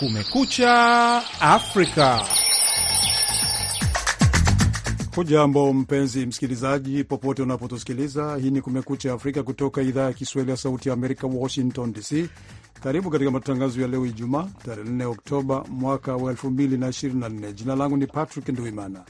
Kumekucha Afrika. Hujambo mpenzi msikilizaji, popote unapotusikiliza. Hii ni Kumekucha Afrika kutoka idhaa ya Kiswahili ya Sauti ya Amerika, Washington DC. Karibu katika matangazo ya leo Ijumaa, tarehe 4 Oktoba mwaka wa 2024. Jina langu ni Patrick Nduimana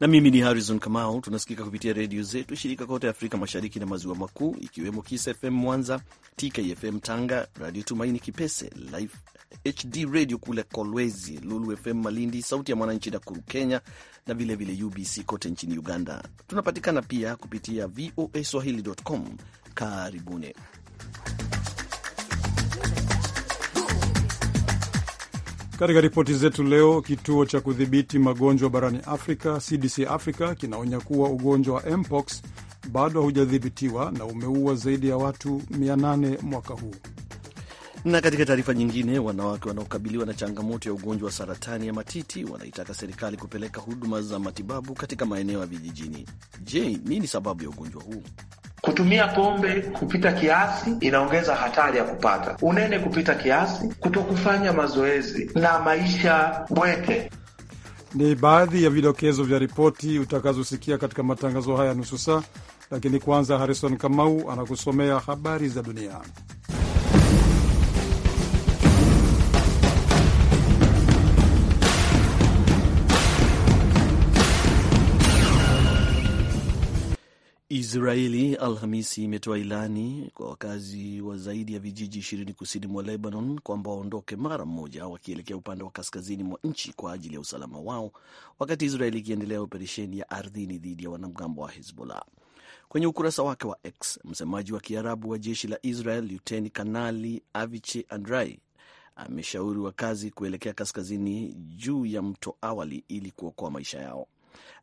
na mimi ni Harrison Kamau. Tunasikika kupitia redio zetu shirika kote Afrika Mashariki na Maziwa Makuu, ikiwemo Kiss FM Mwanza, TKFM Tanga, Radio Tumaini Kipese, Life HD Radio kule Kolwezi, Lulu FM Malindi, Sauti ya Mwananchi Nakuru Kenya, na vilevile UBC kote nchini Uganda. Tunapatikana pia kupitia VOA Swahili.com. Karibuni. Katika ripoti zetu leo, kituo cha kudhibiti magonjwa barani Afrika CDC Africa kinaonya kuwa ugonjwa wa mpox bado haujadhibitiwa na umeua zaidi ya watu 800 mwaka huu. Na katika taarifa nyingine, wanawake wanaokabiliwa na changamoto ya ugonjwa wa saratani ya matiti wanaitaka serikali kupeleka huduma za matibabu katika maeneo ya vijijini. Je, nini sababu ya ugonjwa huu? Kutumia pombe kupita kiasi inaongeza hatari ya kupata unene kupita kiasi, kutokufanya mazoezi na maisha bwete ni baadhi ya vidokezo vya ripoti utakazosikia katika matangazo haya nusu saa. Lakini kwanza, Harrison Kamau anakusomea habari za dunia. Israeli Alhamisi imetoa ilani kwa wakazi wa zaidi ya vijiji ishirini kusini mwa Lebanon kwamba waondoke mara mmoja wakielekea upande wa kaskazini mwa nchi kwa ajili ya usalama wao, wakati Israeli ikiendelea operesheni ya ardhini dhidi ya wanamgambo wa Hezbollah. Kwenye ukurasa wake wa X, msemaji wa Kiarabu wa jeshi la Israel Luteni Kanali Avichi Andrai ameshauri wakazi kuelekea kaskazini juu ya mto Awali ili kuokoa maisha yao.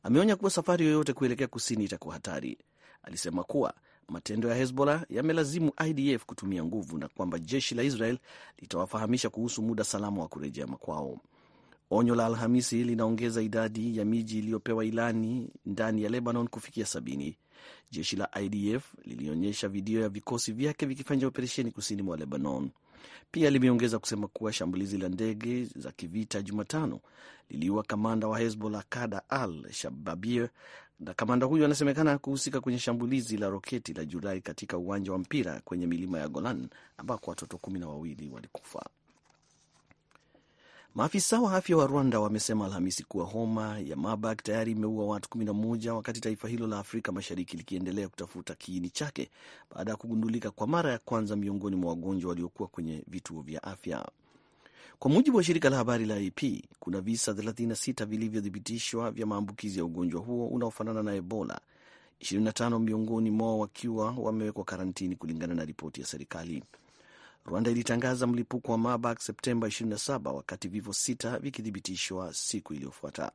Ameonya kuwa safari yoyote kuelekea kusini itakuwa hatari alisema kuwa matendo ya Hezbollah yamelazimu IDF kutumia nguvu na kwamba jeshi la Israel litawafahamisha kuhusu muda salama wa kurejea makwao. Onyo la Alhamisi linaongeza idadi ya miji iliyopewa ilani ndani ya Lebanon kufikia sabini. Jeshi la IDF lilionyesha video ya vikosi vyake vikifanya operesheni kusini mwa Lebanon. Pia limeongeza kusema kuwa shambulizi la ndege za kivita Jumatano liliua kamanda wa Hezbollah Kada al Shababie na kamanda huyo anasemekana kuhusika kwenye shambulizi la roketi la Julai katika uwanja wa mpira kwenye milima ya Golan ambako watoto kumi na wawili walikufa. Maafisa wa afya wa Rwanda wamesema Alhamisi kuwa homa ya Marburg tayari imeua watu 11 wakati taifa hilo la Afrika Mashariki likiendelea kutafuta kiini chake baada ya kugundulika kwa mara ya kwanza miongoni mwa wagonjwa waliokuwa kwenye vituo vya afya. Kwa mujibu wa shirika la habari la AP, kuna visa 36 vilivyothibitishwa vya maambukizi ya ugonjwa huo unaofanana na Ebola, 25 miongoni mwao wakiwa wamewekwa karantini, kulingana na ripoti ya serikali. Rwanda ilitangaza mlipuko wa Marburg Septemba 27 wakati vifo sita vikithibitishwa siku iliyofuata.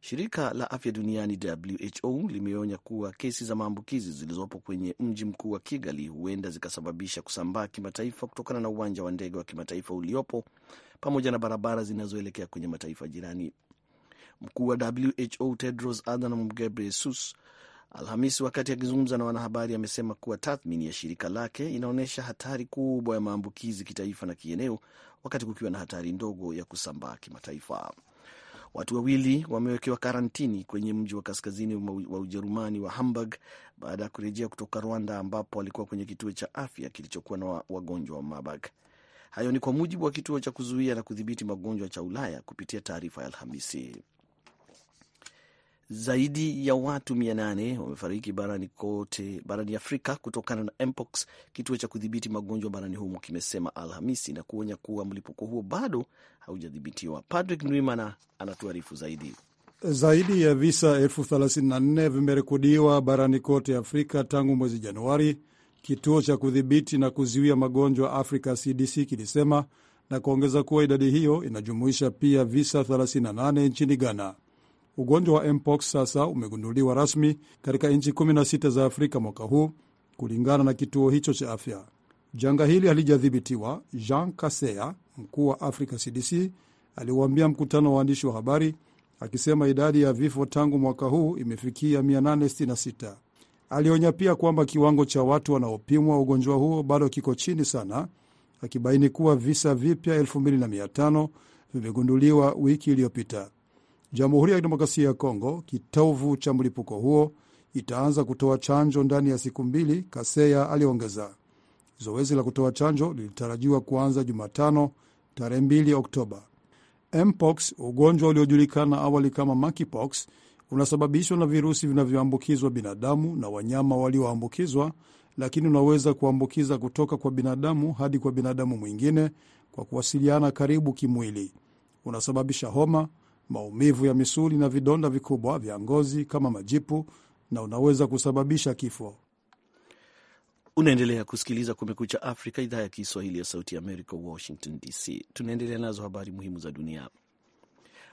Shirika la afya duniani WHO limeonya kuwa kesi za maambukizi zilizopo kwenye mji mkuu wa Kigali huenda zikasababisha kusambaa kimataifa kutokana na uwanja wa ndege wa kimataifa uliopo pamoja na barabara zinazoelekea kwenye mataifa jirani. Mkuu wa WHO Tedros Adhanom Ghebreyesus Alhamisi, wakati akizungumza na wanahabari, amesema kuwa tathmini ya shirika lake inaonyesha hatari kubwa ya maambukizi kitaifa na kieneo, wakati kukiwa na hatari ndogo ya kusambaa kimataifa. Watu wawili wamewekewa karantini kwenye mji wa kaskazini wa Ujerumani wa Hamburg baada ya kurejea kutoka Rwanda, ambapo walikuwa kwenye kituo cha afya kilichokuwa na wagonjwa wa Marburg. Hayo ni kwa mujibu wa kituo cha kuzuia na kudhibiti magonjwa cha Ulaya kupitia taarifa ya Alhamisi. Zaidi ya watu mia nane wamefariki barani kote barani Afrika kutokana na mpox, kituo cha kudhibiti magonjwa barani humo kimesema Alhamisi na kuonya kuwa mlipuko huo bado haujadhibitiwa. Patrick Ndwimana anatuarifu zaidi. Zaidi ya visa elfu 34 vimerekodiwa barani kote Afrika tangu mwezi Januari, Kituo cha kudhibiti na kuzuia magonjwa Afrika CDC kilisema na kuongeza kuwa idadi hiyo inajumuisha pia visa 38 nchini Ghana. Ugonjwa wa mpox sasa umegunduliwa rasmi katika nchi 16 za Afrika mwaka huu kulingana na kituo hicho cha afya. Janga hili halijadhibitiwa. Jean Kaseya, mkuu wa Africa CDC, aliwaambia mkutano wa waandishi wa habari akisema idadi ya vifo tangu mwaka huu imefikia 866. Alionya pia kwamba kiwango cha watu wanaopimwa ugonjwa huo bado kiko chini sana, akibaini kuwa visa vipya 2500 vimegunduliwa wiki iliyopita. Jamhuri ya Kidemokrasia ya Kongo, kitovu cha mlipuko huo, itaanza kutoa chanjo ndani ya siku mbili, Kaseya aliongeza. Zoezi la kutoa chanjo lilitarajiwa kuanza Jumatano tarehe 2 Oktoba. Mpox, ugonjwa uliojulikana awali kama monkeypox, unasababishwa na virusi vinavyoambukizwa binadamu na wanyama walioambukizwa, lakini unaweza kuambukiza kutoka kwa binadamu hadi kwa binadamu mwingine kwa kuwasiliana karibu kimwili. Unasababisha homa, maumivu ya misuli na vidonda vikubwa vya ngozi kama majipu, na unaweza kusababisha kifo. Unaendelea kusikiliza Kumekucha Afrika, idhaa ya Kiswahili ya Sauti ya Amerika, Washington DC. Tunaendelea nazo habari muhimu za dunia.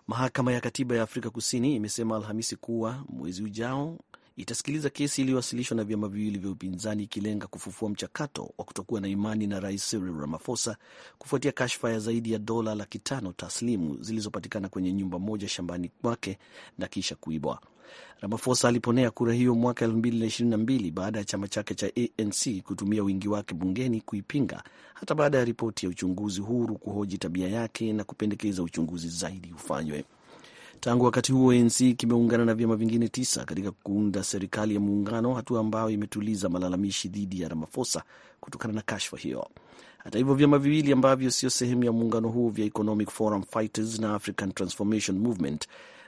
Mahakama ya Katiba ya Afrika Kusini imesema Alhamisi kuwa mwezi ujao itasikiliza kesi iliyowasilishwa na vyama viwili vya upinzani ikilenga kufufua mchakato wa kutokuwa na imani na rais Cyril Ramaphosa kufuatia kashfa ya zaidi ya dola laki tano taslimu zilizopatikana kwenye nyumba moja shambani kwake na kisha kuibwa. Ramaphosa aliponea kura hiyo mwaka 2022 baada ya chama chake cha ANC kutumia wingi wake bungeni kuipinga, hata baada ya ripoti ya uchunguzi huru kuhoji tabia yake na kupendekeza uchunguzi zaidi ufanywe. Tangu wakati huo ANC kimeungana na vyama vingine tisa katika kuunda serikali ya muungano, hatua ambayo imetuliza malalamishi dhidi ya Ramaphosa kutokana na kashfa hiyo. Hata hivyo, vyama viwili ambavyo sio sehemu ya muungano huo vya Economic Forum Fighters na African Transformation Movement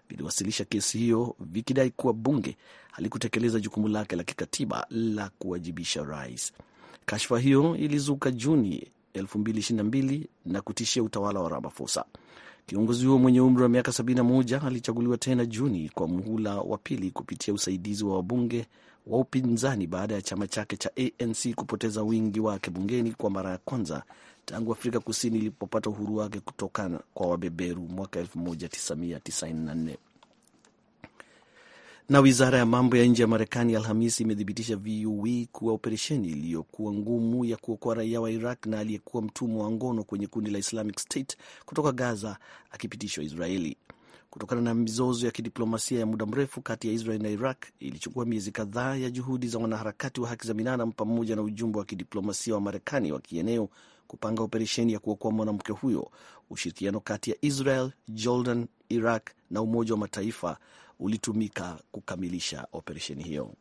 viliwasilisha kesi hiyo vikidai kuwa bunge halikutekeleza jukumu lake la kikatiba la kuwajibisha rais. Kashfa hiyo ilizuka Juni 2022 na kutishia utawala wa Ramaphosa. Kiongozi huo mwenye umri wa miaka 71 alichaguliwa tena Juni kwa muhula wa pili kupitia usaidizi wa wabunge wa upinzani baada ya chama chake cha ANC kupoteza wingi wake bungeni kwa mara ya kwanza tangu Afrika Kusini ilipopata uhuru wake kutoka kwa wabeberu mwaka 1994. Na wizara ya mambo ya nje ya Marekani Alhamisi imethibitisha VOA e kuwa operesheni iliyokuwa ngumu ya kuokoa raia wa Iraq na aliyekuwa mtumwa wa ngono kwenye kundi la Islamic State kutoka Gaza akipitishwa Israeli kutokana na mizozo ya kidiplomasia ya muda mrefu kati ya Israel na Iraq. Ilichukua miezi kadhaa ya juhudi za wanaharakati wa haki za binadamu pamoja na ujumbe wa kidiplomasia wa Marekani wa kieneo kupanga operesheni ya kuokoa mwanamke huyo, ushirikiano kati ya Israel, Jordan, Iraq na Umoja wa Mataifa ulitumika kukamilisha operesheni hiyo.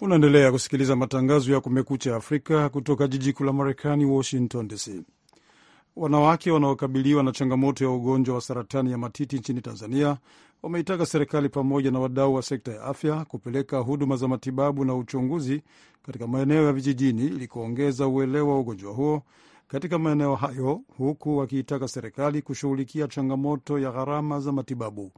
Unaendelea kusikiliza matangazo ya Kumekucha Afrika kutoka jiji kuu la Marekani, Washington DC. Wanawake wanaokabiliwa na changamoto ya ugonjwa wa saratani ya matiti nchini Tanzania wameitaka serikali pamoja na wadau wa sekta ya afya kupeleka huduma za matibabu na uchunguzi katika maeneo ya vijijini ili kuongeza uelewa wa ugonjwa huo katika maeneo hayo, huku wakiitaka serikali kushughulikia changamoto ya gharama za matibabu.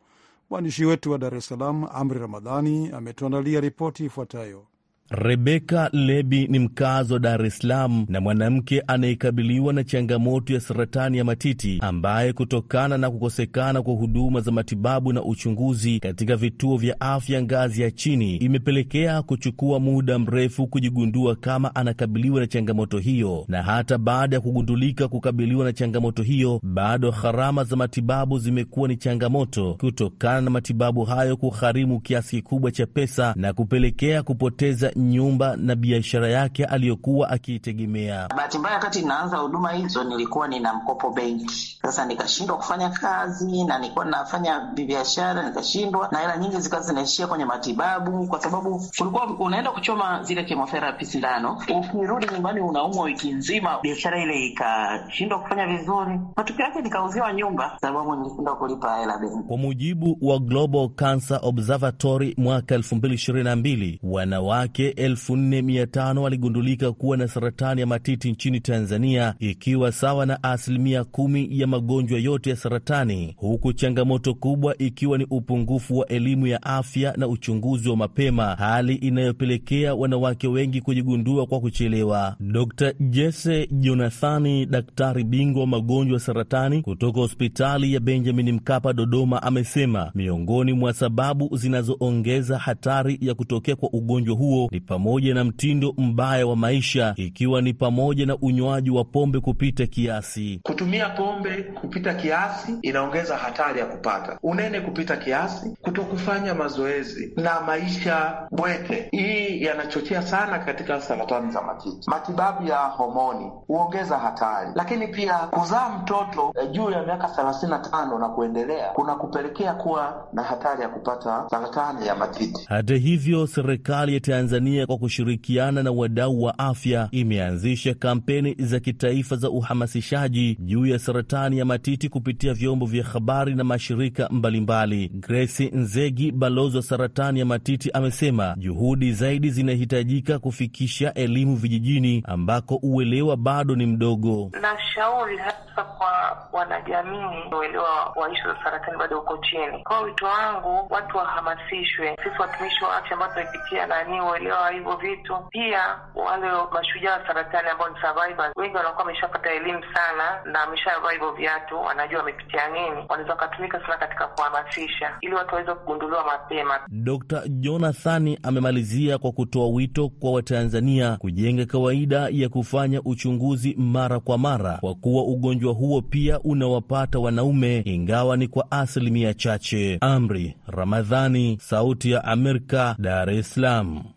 Mwandishi wetu wa Dar es Salaam, Amri Ramadhani, ametuandalia ripoti ifuatayo. Rebeka Lebi ni mkazi wa Dar es Salaam na mwanamke anayekabiliwa na changamoto ya saratani ya matiti ambaye kutokana na kukosekana kwa huduma za matibabu na uchunguzi katika vituo vya afya ngazi ya chini imepelekea kuchukua muda mrefu kujigundua kama anakabiliwa na changamoto hiyo, na hata baada ya kugundulika kukabiliwa na changamoto hiyo, bado gharama za matibabu zimekuwa ni changamoto kutokana na matibabu hayo kugharimu kiasi kikubwa cha pesa na kupelekea kupoteza nyumba na biashara yake aliyokuwa akiitegemea. Bahati mbaya, wakati inaanza huduma hizo nilikuwa nina mkopo benki. Sasa nikashindwa kufanya kazi na nilikuwa nafanya biashara nikashindwa, na hela nyingi zikawa zinaishia kwenye matibabu, kwa sababu kulikuwa unaenda kuchoma zile kemotherapi sindano, ukirudi nyumbani unaumwa wiki nzima. Biashara ile ikashindwa kufanya vizuri, matokeo yake nikauziwa nyumba sababu nilishindwa kulipa hela benki. Kwa mujibu wa Global Cancer Observatory mwaka elfu mbili ishirini na mbili wanawake 4,500 waligundulika kuwa na saratani ya matiti nchini Tanzania, ikiwa sawa na asilimia kumi ya magonjwa yote ya saratani, huku changamoto kubwa ikiwa ni upungufu wa elimu ya afya na uchunguzi wa mapema, hali inayopelekea wanawake wengi kujigundua kwa kuchelewa. Dr Jesse Jonathani, daktari bingwa wa magonjwa ya saratani kutoka hospitali ya Benjamin Mkapa Dodoma, amesema miongoni mwa sababu zinazoongeza hatari ya kutokea kwa ugonjwa huo ni pamoja na mtindo mbaya wa maisha, ikiwa ni pamoja na unywaji wa pombe kupita kiasi. Kutumia pombe kupita kiasi inaongeza hatari ya kupata unene kupita kiasi, kutokufanya mazoezi na maisha bwete. Hii yanachochea sana katika saratani za matiti. Matibabu ya homoni huongeza hatari, lakini pia kuzaa mtoto eh, juu ya miaka thelathini na tano na kuendelea kuna kupelekea kuwa na hatari ya kupata saratani ya matiti. Hata hivyo serikali ya Tanzania Tanzania kwa kushirikiana na wadau wa afya imeanzisha kampeni za kitaifa za uhamasishaji juu ya saratani ya matiti kupitia vyombo vya habari na mashirika mbalimbali. Grace Nzegi, balozi wa saratani ya matiti, amesema juhudi zaidi zinahitajika kufikisha elimu vijijini ambako uelewa bado ni mdogo. Nashauri hasa kwa wanajamii, uelewa wa ishu za saratani bado uko chini. Kwa wito wangu, watu wahamasishwe. Sisi watumishi wa afya ambao tumepitia nani uelewa wagonjwa hivyo vitu. Pia wale mashujaa wa saratani ambao ni survivors, wengi wanakuwa wameshapata elimu sana na wameshavaa hivyo viatu, wanajua wamepitia nini, wanaweza wakatumika sana katika kuhamasisha ili watu waweze kugunduliwa mapema. Dr. Jonathani amemalizia kwa kutoa wito kwa Watanzania kujenga kawaida ya kufanya uchunguzi mara kwa mara kwa kuwa ugonjwa huo pia unawapata wanaume ingawa ni kwa asilimia chache. Amri Ramadhani, Sauti ya Amerika, Dar es Salaam.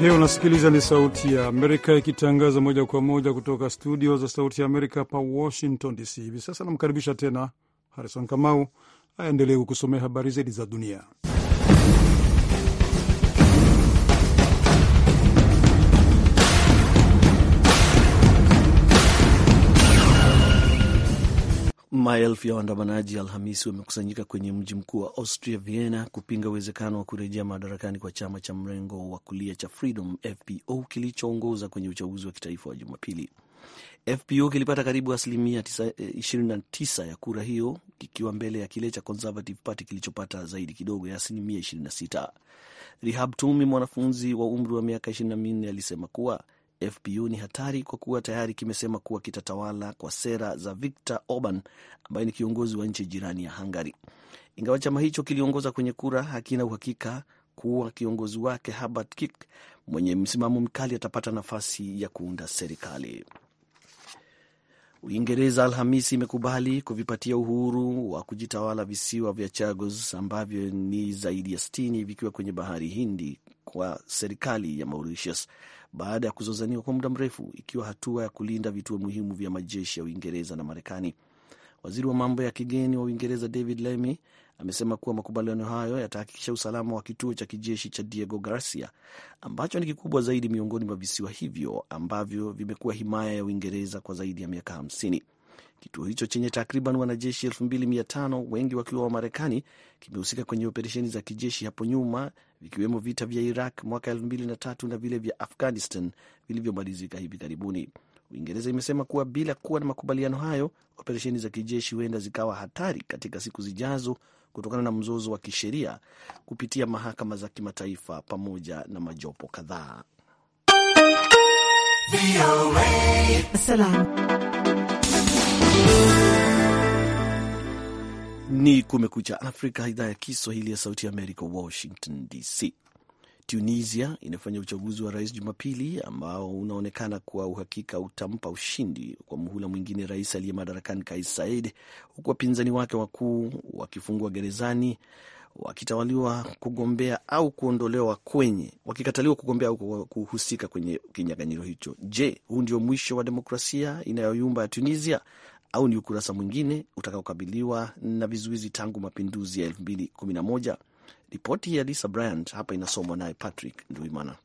hii unasikiliza ni Sauti ya Amerika ikitangaza moja kwa moja kutoka studio za Sauti ya Amerika hapa Washington DC. Hivi sasa namkaribisha tena Harrison Kamau aendelee kukusomea habari zaidi za dunia. Maelfu ya waandamanaji Alhamisi wamekusanyika kwenye mji mkuu wa Austria, Vienna, kupinga uwezekano wa kurejea madarakani kwa chama cha mrengo wa kulia cha Freedom FPO kilichoongoza kwenye uchaguzi wa kitaifa wa Jumapili. FPO kilipata karibu asilimia 29 eh, ya kura hiyo kikiwa mbele ya kile cha Conservative Party kilichopata zaidi kidogo ya asilimia 26. Rihab Tumi, mwanafunzi wa umri wa miaka 24, alisema kuwa FPU ni hatari kwa kuwa tayari kimesema kuwa kitatawala kwa sera za Viktor Orban ambaye ni kiongozi wa nchi jirani ya Hungary. Ingawa chama hicho kiliongoza kwenye kura, hakina uhakika kuwa kiongozi wake Herbert kick mwenye msimamo mkali atapata nafasi ya kuunda serikali. Uingereza Alhamisi imekubali kuvipatia uhuru wa kujitawala visiwa vya Chagos ambavyo ni zaidi ya sitini vikiwa kwenye bahari Hindi kwa serikali ya Mauritius baada ya kuzozaniwa kwa muda mrefu, ikiwa hatua ya kulinda vituo muhimu vya majeshi ya Uingereza na Marekani. Waziri wa mambo ya kigeni wa Uingereza David Lammy amesema kuwa makubaliano hayo yatahakikisha usalama wa kituo cha kijeshi cha Diego Garcia ambacho ni kikubwa zaidi miongoni mwa visiwa hivyo ambavyo vimekuwa himaya ya Uingereza kwa zaidi ya miaka hamsini. Kituo hicho chenye takriban wanajeshi tano wengi wakiwa wa Marekani kimehusika kwenye operesheni za kijeshi hapo nyuma, vikiwemo vita vya Iraq mwaka tatu na vile vya Afghanistan vilivyomalizika hivi karibuni. Uingereza imesema kuwa bila kuwa na makubaliano hayo, operesheni za kijeshi huenda zikawa hatari katika siku zijazo, kutokana na mzozo wa kisheria kupitia mahakama za kimataifa pamoja na majopo kadhaa. Ni Kumekucha Afrika, idhaa ya Kiswahili ya Sauti ya Amerika, Washington DC. Tunisia inafanya uchaguzi wa rais Jumapili ambao unaonekana kwa uhakika utampa ushindi kwa muhula mwingine rais aliye madarakani Kais Saied, huku wapinzani wake wakuu wakifungwa gerezani wakitawaliwa kugombea au kuondolewa kwenye wakikataliwa kugombea au kuhusika kwenye kinyang'anyiro hicho. Je, huu ndio mwisho wa demokrasia inayoyumba ya Tunisia au ni ukurasa mwingine utakaokabiliwa na vizuizi tangu mapinduzi ya elfu mbili kumi na moja Ripoti ya Lisa Bryant hapa inasomwa naye Patrick Nduimana.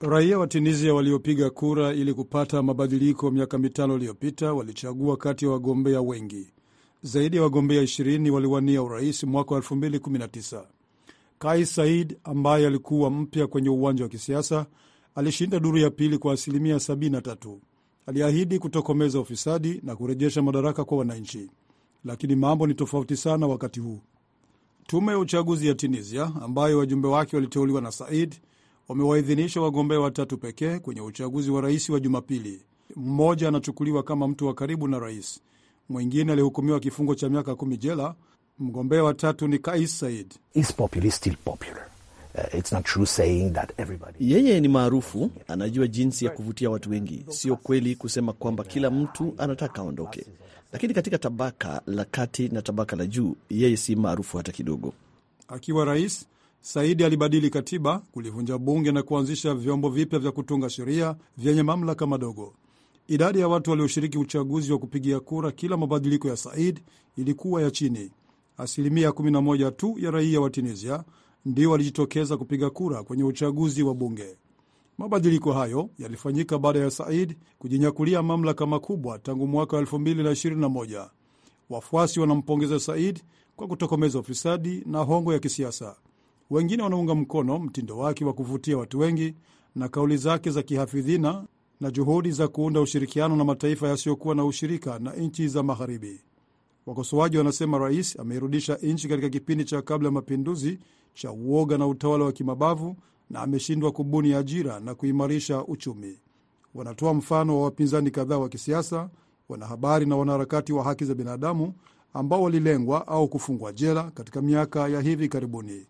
Raia wa Tunisia waliopiga kura ili kupata mabadiliko miaka mitano iliyopita walichagua kati ya wagombea wengi. Zaidi ya wagombea 20 waliwania urais mwaka wa 2019. Kais Said ambaye alikuwa mpya kwenye uwanja wa kisiasa alishinda duru ya pili kwa asilimia 73. Aliahidi kutokomeza ufisadi na kurejesha madaraka kwa wananchi, lakini mambo ni tofauti sana wakati huu. Tume ya uchaguzi ya Tunisia, ambayo wajumbe wake waliteuliwa na Said, wamewaidhinisha wagombea watatu pekee kwenye uchaguzi wa rais wa Jumapili. Mmoja anachukuliwa kama mtu wa karibu na rais, mwingine alihukumiwa kifungo cha miaka kumi jela. Mgombea wa tatu ni Kais Said. Uh, everybody... yeye ni maarufu, anajua jinsi ya kuvutia watu wengi. Sio kweli kusema kwamba kila mtu anataka aondoke lakini katika tabaka la kati na tabaka la juu yeye si maarufu hata kidogo. Akiwa rais, Saidi alibadili katiba, kulivunja bunge na kuanzisha vyombo vipya vya kutunga sheria vyenye mamlaka madogo. Idadi ya watu walioshiriki uchaguzi wa kupigia kura kila mabadiliko ya Said ilikuwa ya chini. Asilimia 11 tu ya raia wa Tunisia ndio walijitokeza kupiga kura kwenye uchaguzi wa bunge. Mabadiliko hayo yalifanyika baada ya Said kujinyakulia mamlaka makubwa tangu mwaka wa 2021. Wafuasi wanampongeza Said kwa kutokomeza ufisadi na hongo ya kisiasa. Wengine wanaunga mkono mtindo wake wa kuvutia watu wengi na kauli zake za kihafidhina na juhudi za kuunda ushirikiano na mataifa yasiyokuwa na ushirika na nchi za Magharibi. Wakosoaji wanasema rais ameirudisha nchi katika kipindi cha kabla ya mapinduzi cha uoga na utawala wa kimabavu na ameshindwa kubuni ajira na kuimarisha uchumi. Wanatoa mfano wa wapinzani kadhaa wa kisiasa, wanahabari na wanaharakati wa haki za binadamu ambao walilengwa au kufungwa jela katika miaka ya hivi karibuni.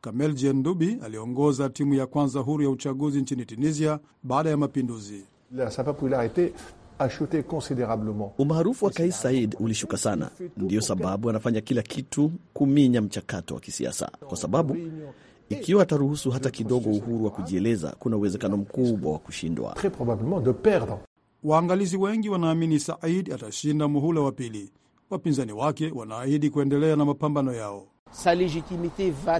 Kamel Jendubi aliongoza timu ya kwanza huru ya uchaguzi nchini Tunisia baada ya mapinduzi. Umaarufu wa Kais Said ulishuka sana, ndiyo sababu anafanya kila kitu kuminya mchakato wa kisiasa, kwa sababu ikiwa ataruhusu hata kidogo uhuru wa kujieleza, kuna uwezekano mkubwa wa kushindwa. Waangalizi wengi wanaamini Said atashinda muhula wa pili. Wapinzani wake wanaahidi kuendelea na mapambano yao.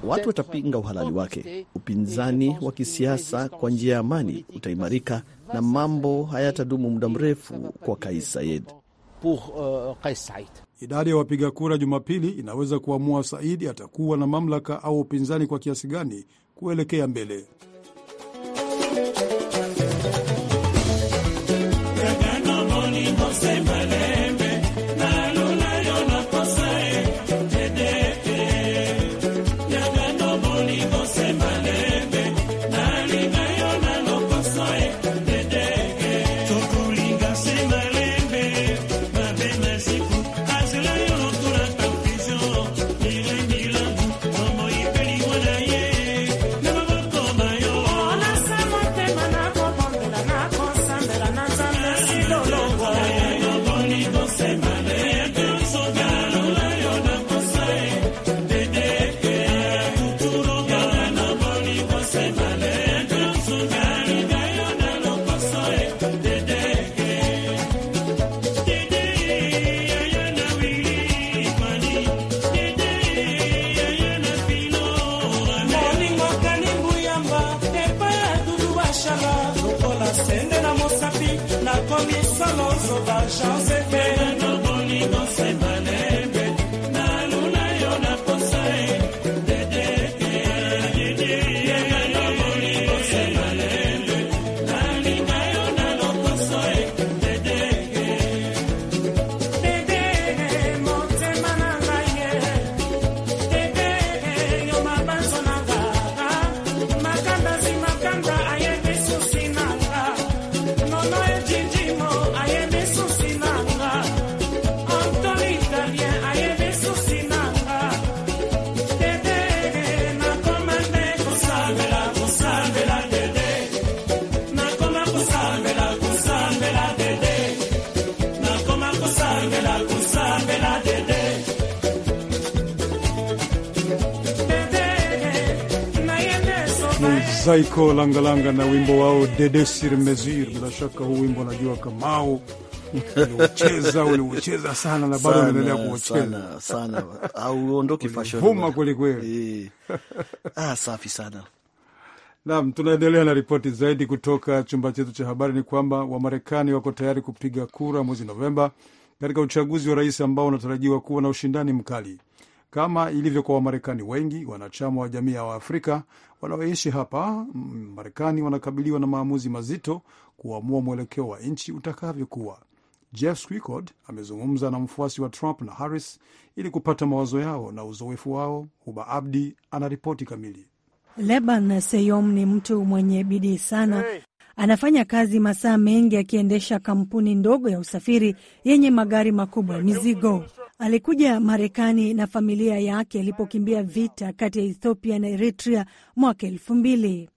Watu watapinga uhalali wake. Upinzani wa kisiasa kwa njia ya amani utaimarika na mambo hayatadumu muda mrefu kwa Kais Saied pour uh, Kais Said. Idadi ya wapiga kura Jumapili inaweza kuamua saidi atakuwa na mamlaka au upinzani kwa kiasi gani kuelekea mbele. Zaiko Langalanga na wimbo wao Dedesir Mezir. Bila shaka huu wimbo najua kamao uliucheza uliucheza sana na bado unaendelea kuucheza sana, hauondoki fashion vuma kweli kweli. Ee. Ah, safi sana. Naam, tunaendelea na ripoti zaidi kutoka chumba chetu cha habari. Ni kwamba Wamarekani wako tayari kupiga kura mwezi Novemba katika uchaguzi wa rais ambao unatarajiwa kuwa na ushindani mkali. Kama ilivyo kwa Wamarekani wengi, wanachama wa jamii ya Waafrika wanaoishi hapa Marekani wanakabiliwa na maamuzi mazito kuamua mwelekeo wa nchi utakavyokuwa. Jeff Swickord amezungumza na mfuasi wa Trump na Harris ili kupata mawazo yao na uzoefu wao. Huba Abdi anaripoti kamili. Leban Seyom ni mtu mwenye bidii sana. Anafanya kazi masaa mengi akiendesha kampuni ndogo ya usafiri yenye magari makubwa ya mizigo. Alikuja Marekani na familia yake alipokimbia vita kati ya Ethiopia na Eritrea mwaka elfu mbili.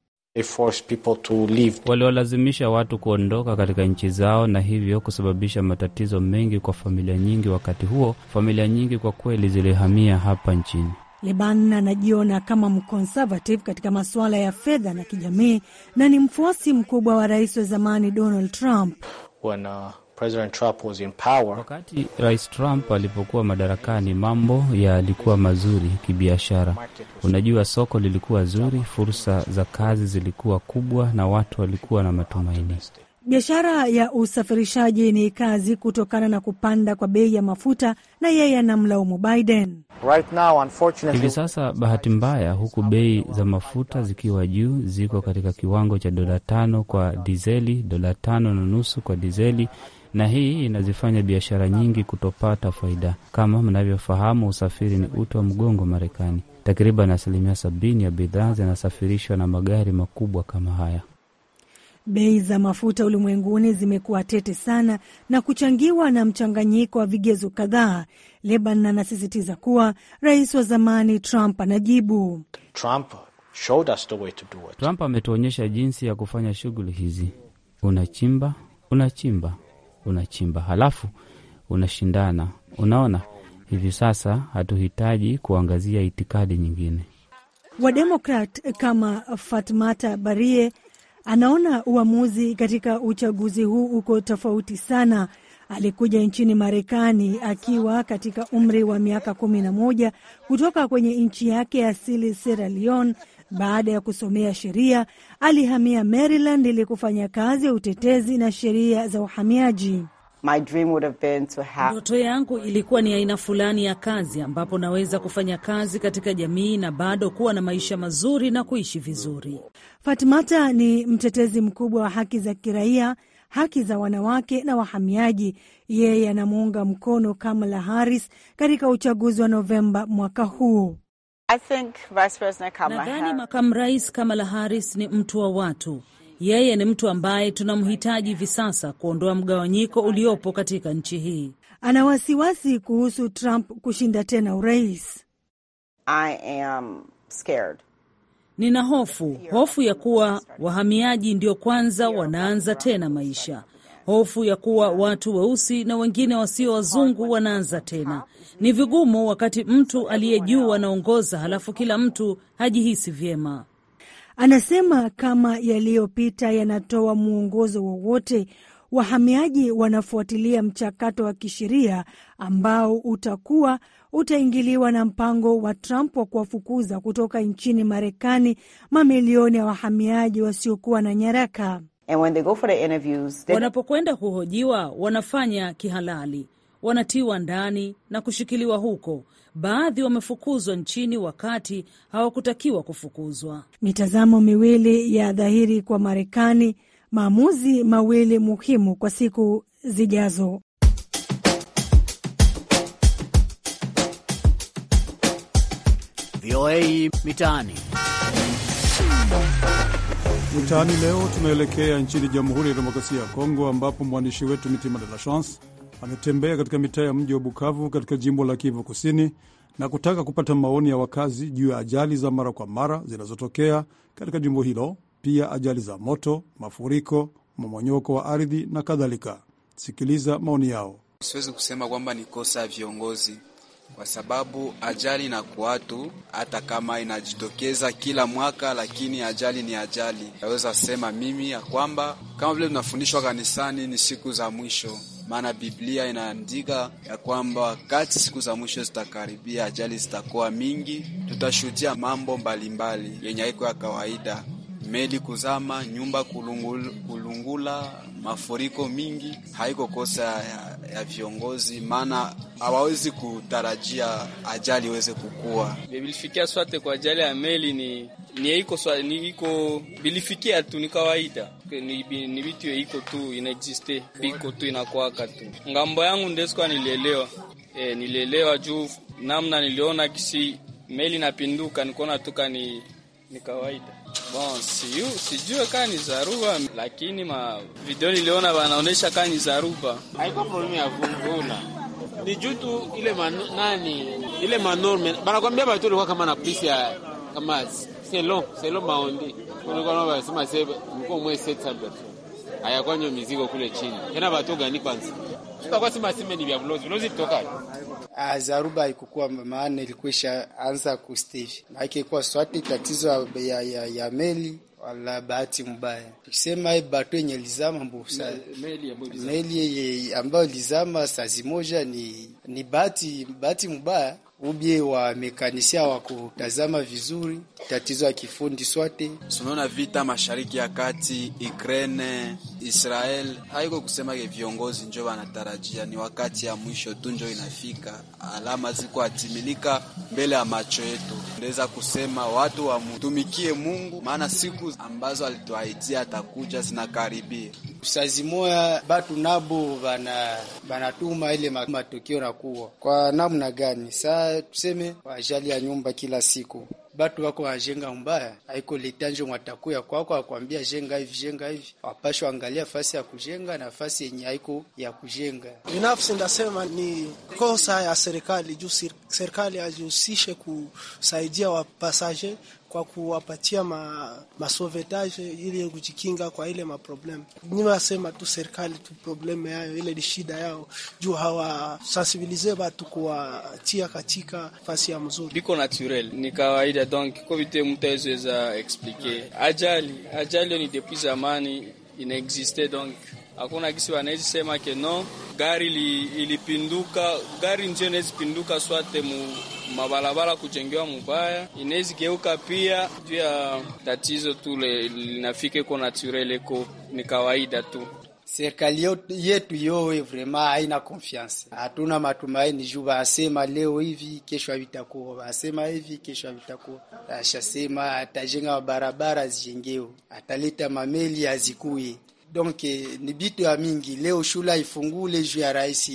Waliwalazimisha watu kuondoka katika nchi zao na hivyo kusababisha matatizo mengi kwa familia nyingi. Wakati huo familia nyingi kwa kweli zilihamia hapa nchini. Lebanon anajiona kama mkonservative katika masuala ya fedha na kijamii, na ni mfuasi mkubwa wa rais wa zamani Donald Trump. Wana President Trump was in power. Wakati Rais Trump alipokuwa madarakani, mambo yalikuwa mazuri kibiashara. Unajua, soko lilikuwa zuri, fursa za kazi zilikuwa kubwa na watu walikuwa na matumaini. Biashara ya usafirishaji ni kazi kutokana na kupanda kwa bei ya mafuta, na yeye anamlaumu Biden right now, unfortunately... hivi sasa, bahati mbaya, huku bei za mafuta zikiwa juu, ziko katika kiwango cha dola tano kwa dizeli, dola tano na nusu kwa dizeli na hii inazifanya biashara nyingi kutopata faida. Kama mnavyofahamu, usafiri ni uti wa mgongo Marekani. Takriban asilimia sabini ya bidhaa zinasafirishwa na magari makubwa kama haya. Bei za mafuta ulimwenguni zimekuwa tete sana na kuchangiwa na mchanganyiko wa vigezo kadhaa. Lebanon anasisitiza kuwa rais wa zamani Trump anajibu. Trump, Trump ametuonyesha jinsi ya kufanya shughuli hizi. Unachimba, unachimba unachimba, halafu unashindana. Unaona, hivi sasa hatuhitaji kuangazia itikadi nyingine. Wademokrat kama Fatmata Barie anaona uamuzi katika uchaguzi huu uko tofauti sana. Alikuja nchini Marekani akiwa katika umri wa miaka kumi na moja kutoka kwenye nchi yake asili Sierra Leone, baada ya kusomea sheria, alihamia Maryland ili kufanya kazi ya utetezi na sheria za uhamiaji. Ndoto yangu ilikuwa ni aina fulani ya kazi ambapo naweza kufanya kazi katika jamii na bado kuwa na maisha mazuri na kuishi vizuri. Fatmata ni mtetezi mkubwa wa haki za kiraia, haki za wanawake na wahamiaji. Yeye anamuunga mkono Kamala Harris katika uchaguzi wa Novemba mwaka huu. Nadhani makamu rais Kamala Harris ni mtu wa watu. Yeye ni mtu ambaye tunamhitaji hivi sasa kuondoa mgawanyiko uliopo katika nchi hii. Ana wasiwasi kuhusu Trump kushinda tena urais. Nina hofu, hofu ya kuwa wahamiaji ndio kwanza wanaanza tena maisha Hofu ya kuwa watu weusi na wengine wasio wazungu wanaanza tena. Ni vigumu wakati mtu aliye juu anaongoza, halafu kila mtu hajihisi vyema. Anasema kama yaliyopita yanatoa mwongozo wowote, wahamiaji wanafuatilia mchakato wa kisheria ambao utakuwa utaingiliwa na mpango wa Trump wa kuwafukuza kutoka nchini Marekani mamilioni ya wahamiaji wasiokuwa na nyaraka. Wanapokwenda kuhojiwa, wanafanya kihalali, wanatiwa ndani na kushikiliwa huko. Baadhi wamefukuzwa nchini wakati hawakutakiwa kufukuzwa. Mitazamo miwili ya dhahiri kwa Marekani, maamuzi mawili muhimu kwa siku zijazo. VOA Mitaani. Mitaani leo tunaelekea nchini Jamhuri ya Demokrasia ya Kongo, ambapo mwandishi wetu Mitima De La Chance ametembea katika mitaa ya mji wa Bukavu katika jimbo la Kivu Kusini na kutaka kupata maoni ya wakazi juu ya ajali za mara kwa mara zinazotokea katika jimbo hilo, pia ajali za moto, mafuriko, mmomonyoko wa ardhi na kadhalika. Sikiliza maoni yao. Siwezi kusema kwamba ni kosa ya viongozi kwa sababu ajali na kuatu, hata kama inajitokeza kila mwaka, lakini ajali ni ajali. Naweza sema mimi ya kwamba kama vile tunafundishwa kanisani ni siku za mwisho, maana Biblia inaandika ya kwamba wakati siku za mwisho zitakaribia, ajali zitakuwa mingi, tutashuhudia mambo mbalimbali yenye haiko ya kawaida meli kuzama, nyumba kulungula, kulungula, mafuriko mingi. Haiko kosa ya, ya viongozi, maana hawawezi kutarajia ajali iweze kukua. Bilifikia swate kwa ajali ya meli ni ni iko ni iko bilifikia tu, ni kawaida, ni vitu iko tu inaexiste, biko tu inakwaka tu. Ngambo yangu ndesikwa nilielewa e, nilielewa juu namna niliona kisi meli napinduka, nikuona tuka ni, ni kawaida Bon, siu sijue kaa ni zaruba, lakini ma video niliona wanaonesha kaa ni zaruba, haiko problem ya kunguna ni juu tu ile man, nani ile manorme banakwambia batu walikuwa kama na pisi ya kama selo selo maondi kulikuwa nao wasema sebe mko mwe set sabet hayakwanywa mizigo kule chini tena batu gani kwanza tutakuwa sima sime ni vya vlozi. Vlozi kutoka Ah, zaruba ikukua maana ilikuisha anza kustevi maake ikuwa swati tatizo ya, ya, ya meli wala bahati mbaya tukisema bato yenye lizama mbusa meli ambayo lizama sazi moja ni, ni bahati bahati mbaya ubie wa mekanisia wa kutazama vizuri tatizo ya kifundi swate. Tunaona vita mashariki ya kati Ukraine Israel haiko kusema ke viongozi njo wanatarajia, ni wakati ya mwisho tu njo inafika, alama ziko atimilika mbele ya macho yetu. Ndeza kusema watu wamutumikie Mungu, maana siku ambazo alituahidia atakuja zinakaribia. Sazi moya batu nabo bana banatuma ile matukio nakuwa kwa namna gani? Saa tuseme wajali ya nyumba kila siku batu wako wajenga mbaya, haiko leta mwatakuya kwako akwambia jenga hivi jenga hivi, wapashwa angalia fasi ya kujenga na fasi yenye haiko ya kujenga. Binafsi ndasema ni kosa ya serikali juu serikali ajihusishe kusaidia wapasaje kwa kuwapatia ma, masovetage ili kujikinga kwa ile maproblem. Ni wasema tu serikali tu probleme yayo ile ni shida yao, juu hawasensibilize watu kuwatia katika fasi ya mzuri, biko naturel ni kawaida donc covid mtu awezweza explike ajali ajali ni depuis zamani inaexiste donc hakuna kisi wanaezi sema ke no gari li, ilipinduka gari njio inaezi pinduka swate mu mabalabala kujengewa mubaya inaezi geuka pia juu ya tatizo tu linafike ko naturel ko ni kawaida tu. Serikali yetu yowe vraiment haina confiance, hatuna matumaini juu basema leo hivi, kesho havitakuwa, basema hivi, kesho havitakuwa. Ashasema atajenga barabara zijengeo, ataleta mameli azikue donc eh, ni bitu ya mingi. Leo shule ifungule juu ya rais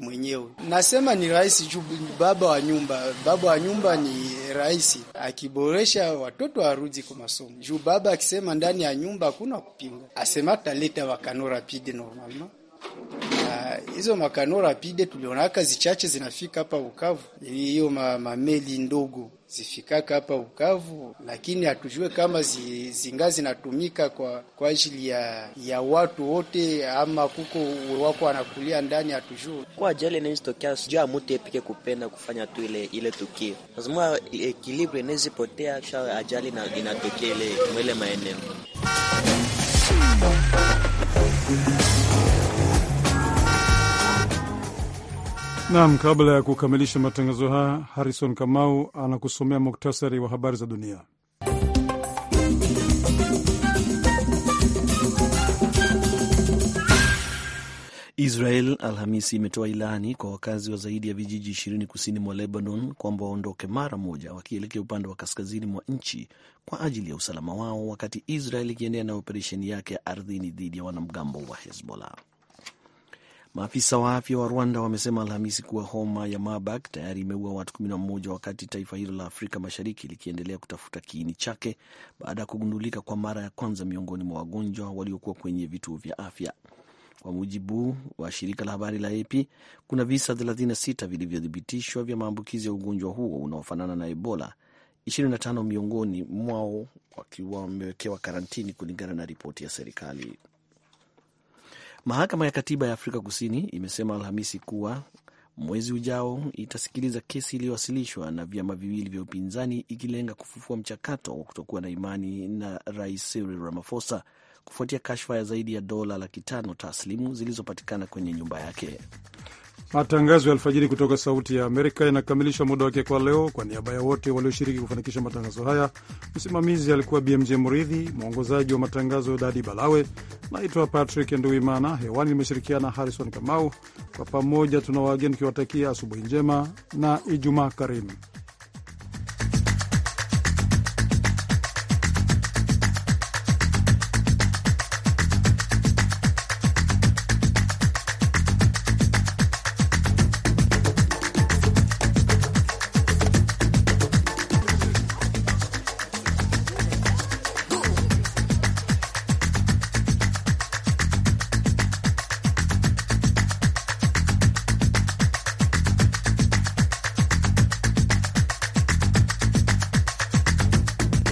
mwenyewe, nasema ni rais juu baba wa nyumba. Baba wa nyumba ni rais, akiboresha watoto warudi kwa masomo. Juu baba akisema ndani ya nyumba hakuna kupinga, asema taleta wakano rapide normalement ah, hizo makano rapide tulionaka zichache zinafika hapa Bukavu, hiyo mameli ndogo zifikaka hapa ukavu lakini hatujue kama zi, zinga zinatumika kwa, kwa ajili ya, ya watu wote ama kuko wako wanakulia ndani, hatujue kwa ajali inazitokea. Sijua mtu epike kupenda kufanya tu ile ile tukio, lazima ekilibri potea kisha ajali inatokea ile mwele maeneo Naam, kabla ya kukamilisha matangazo haya, Harrison Kamau anakusomea muktasari wa habari za dunia. Israel Alhamisi imetoa ilani kwa wakazi wa zaidi ya vijiji ishirini kusini mwa Lebanon kwamba waondoke mara moja wakielekea upande wa kaskazini mwa nchi kwa ajili ya usalama wao, wakati Israel ikiendelea na operesheni yake ya ardhini dhidi ya wanamgambo wa Hezbollah. Maafisa wa afya wa Rwanda wamesema Alhamisi kuwa homa ya Marburg tayari imeua watu 11 wakati taifa hilo la Afrika Mashariki likiendelea kutafuta kiini chake baada ya kugundulika kwa mara ya kwanza miongoni mwa wagonjwa waliokuwa kwenye vituo vya afya. Kwa mujibu wa shirika la habari la AP, kuna visa 36 vilivyothibitishwa vya maambukizi ya ugonjwa huo unaofanana na Ebola, 25 miongoni mwao wakiwa wamewekewa karantini kulingana na ripoti ya serikali. Mahakama ya Katiba ya Afrika Kusini imesema Alhamisi kuwa mwezi ujao itasikiliza kesi iliyowasilishwa na vyama viwili vya upinzani ikilenga kufufua mchakato wa kutokuwa na imani na Rais Cyril Ramaphosa kufuatia kashfa ya zaidi ya dola laki tano taslimu zilizopatikana kwenye nyumba yake. Matangazo ya alfajiri kutoka Sauti ya Amerika yanakamilisha muda wake kwa leo. Kwa niaba ya wote walioshiriki kufanikisha matangazo haya, msimamizi alikuwa BMJ Mridhi, mwongozaji wa matangazo Dadi Balawe. Naitwa Patrick Nduimana, hewani nimeshirikiana Harrison Kamau. Kwa pamoja tuna wageni tukiwatakia asubuhi njema na Ijumaa karimu.